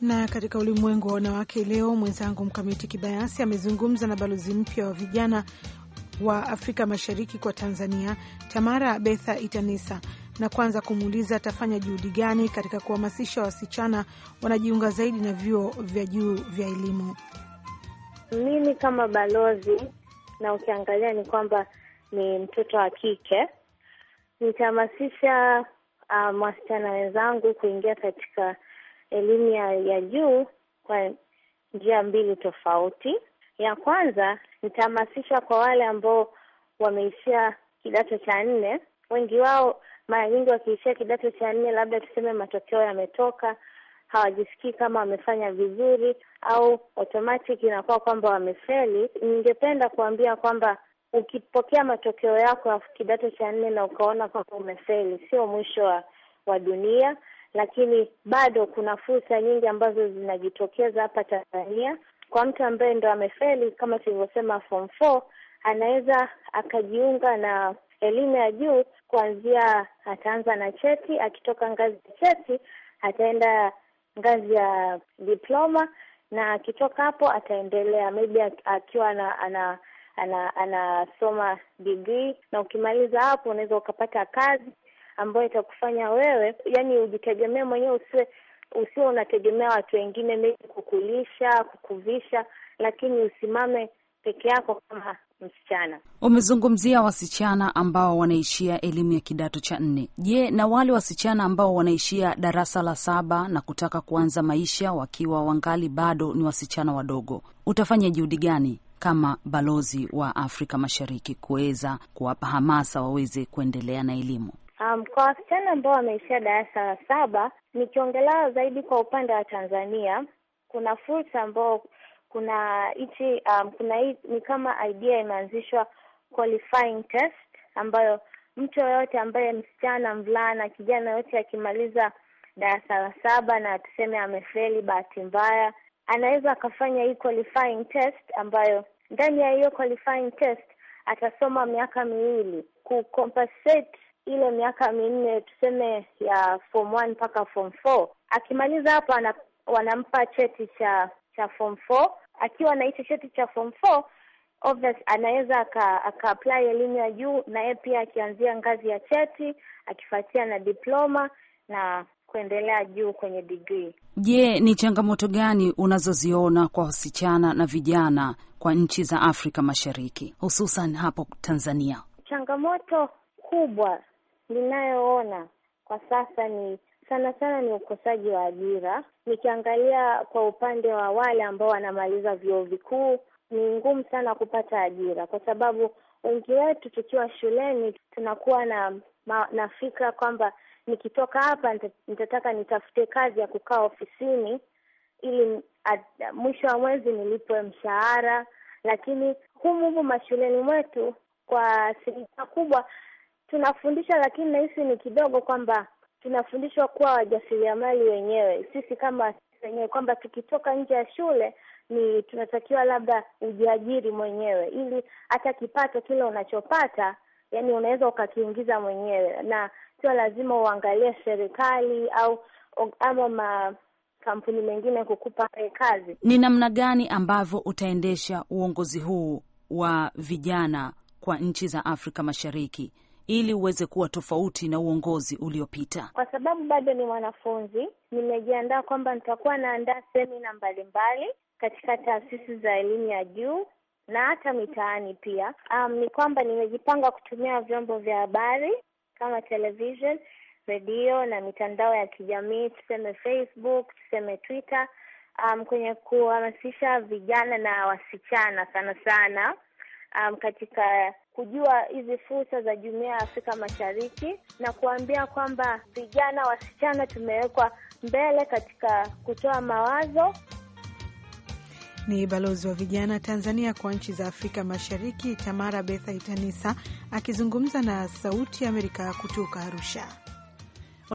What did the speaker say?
Na katika ulimwengu wa wanawake leo, mwenzangu Mkamiti Kibayasi amezungumza na balozi mpya wa vijana wa Afrika Mashariki kwa Tanzania, Tamara Betha Itanesa, na kwanza kumuuliza atafanya juhudi gani katika kuhamasisha wasichana wanajiunga zaidi na vyuo vya juu vya elimu. Mimi kama balozi, na ukiangalia ni kwamba ni mtoto wa kike, nitahamasisha ah, wasichana wenzangu kuingia katika elimu ya, ya juu kwa njia mbili tofauti. Ya kwanza nitahamasisha kwa wale ambao wameishia kidato cha nne. Wengi wao mara nyingi wakiishia kidato cha nne, labda tuseme matokeo yametoka, hawajisikii kama wamefanya vizuri, au automatic inakuwa kwamba wamefeli. Ningependa kuambia kwamba ukipokea matokeo yako ya kidato cha nne na ukaona kwamba umefeli, sio mwisho wa, wa dunia lakini bado kuna fursa nyingi ambazo zinajitokeza hapa Tanzania kwa mtu ambaye ndo amefeli kama tulivyosema form four, anaweza akajiunga na elimu ya juu kuanzia, ataanza na cheti, akitoka ngazi ya cheti ataenda ngazi ya diploma, na akitoka hapo ataendelea maybe akiwa ana, ana anasoma ana degree, na ukimaliza hapo unaweza ukapata kazi ambayo itakufanya wewe yani ujitegemee mwenyewe, usiwe usiwe unategemea watu wengine mei kukulisha, kukuvisha, lakini usimame peke yako kama msichana. Umezungumzia wasichana ambao wanaishia elimu ya kidato cha nne. Je, na wale wasichana ambao wanaishia darasa la saba na kutaka kuanza maisha wakiwa wangali bado ni wasichana wadogo, utafanya juhudi gani kama balozi wa Afrika Mashariki kuweza kuwapa hamasa waweze kuendelea na elimu? Um, kwa wasichana ambao wameishia darasa la saba, nikiongelea zaidi kwa upande wa Tanzania, kuna fursa ambao kuna hichi um, kuna hii, ni kama idea imeanzishwa qualifying test ambayo mtu yoyote ambaye msichana, mvulana, kijana yoyote akimaliza darasa la saba na tuseme amefeli bahati mbaya, anaweza akafanya hii qualifying test ambayo ndani ya hiyo qualifying test atasoma miaka miwili kucompensate ile miaka minne tuseme ya form one mpaka form four. Akimaliza hapo wanampa cheti cha cha form four. Akiwa na hicho cheti cha form four obvious anaweza aka-apply elimu ya juu, na yeye pia akianzia ngazi ya cheti akifuatia na diploma na kuendelea juu kwenye degree. Je, ni changamoto gani unazoziona kwa wasichana na vijana kwa nchi za Afrika Mashariki hususan hapo Tanzania? Changamoto kubwa ninayoona kwa sasa ni sana sana ni ukosaji wa ajira. Nikiangalia kwa upande wa wale ambao wanamaliza vyuo vikuu, ni ngumu sana kupata ajira, kwa sababu wengi wetu tukiwa shuleni tunakuwa na ma, na fikra kwamba nikitoka hapa nitataka nitafute kazi ya kukaa ofisini ili mwisho wa mwezi nilipwe mshahara, lakini humu humu mashuleni mwetu kwa asilimia kubwa tunafundishwa, lakini nahisi ni kidogo, kwamba tunafundishwa kuwa wajasiriamali wenyewe sisi kama wenyewe, kwamba tukitoka nje ya shule ni tunatakiwa labda ujiajiri mwenyewe, ili hata kipato kile unachopata yani unaweza ukakiingiza mwenyewe, na sio lazima uangalie serikali au ama ma kampuni mengine kukupa kazi. Ni namna gani ambavyo utaendesha uongozi huu wa vijana kwa nchi za Afrika Mashariki? ili uweze kuwa tofauti na uongozi uliopita? Kwa sababu bado ni mwanafunzi, nimejiandaa kwamba nitakuwa naandaa semina mbalimbali katika taasisi za elimu ya juu na hata mitaani pia. Um, ni kwamba nimejipanga kutumia vyombo vya habari kama television, redio na mitandao ya kijamii, tuseme Facebook, tuseme Twitter, um, kwenye kuhamasisha vijana na wasichana sana sana um, katika kujua hizi fursa za Jumuiya ya Afrika Mashariki na kuambia kwamba vijana, wasichana tumewekwa mbele katika kutoa mawazo. Ni balozi wa vijana Tanzania kwa nchi za Afrika Mashariki Tamara Betha Itanisa akizungumza na Sauti ya Amerika kutoka Arusha.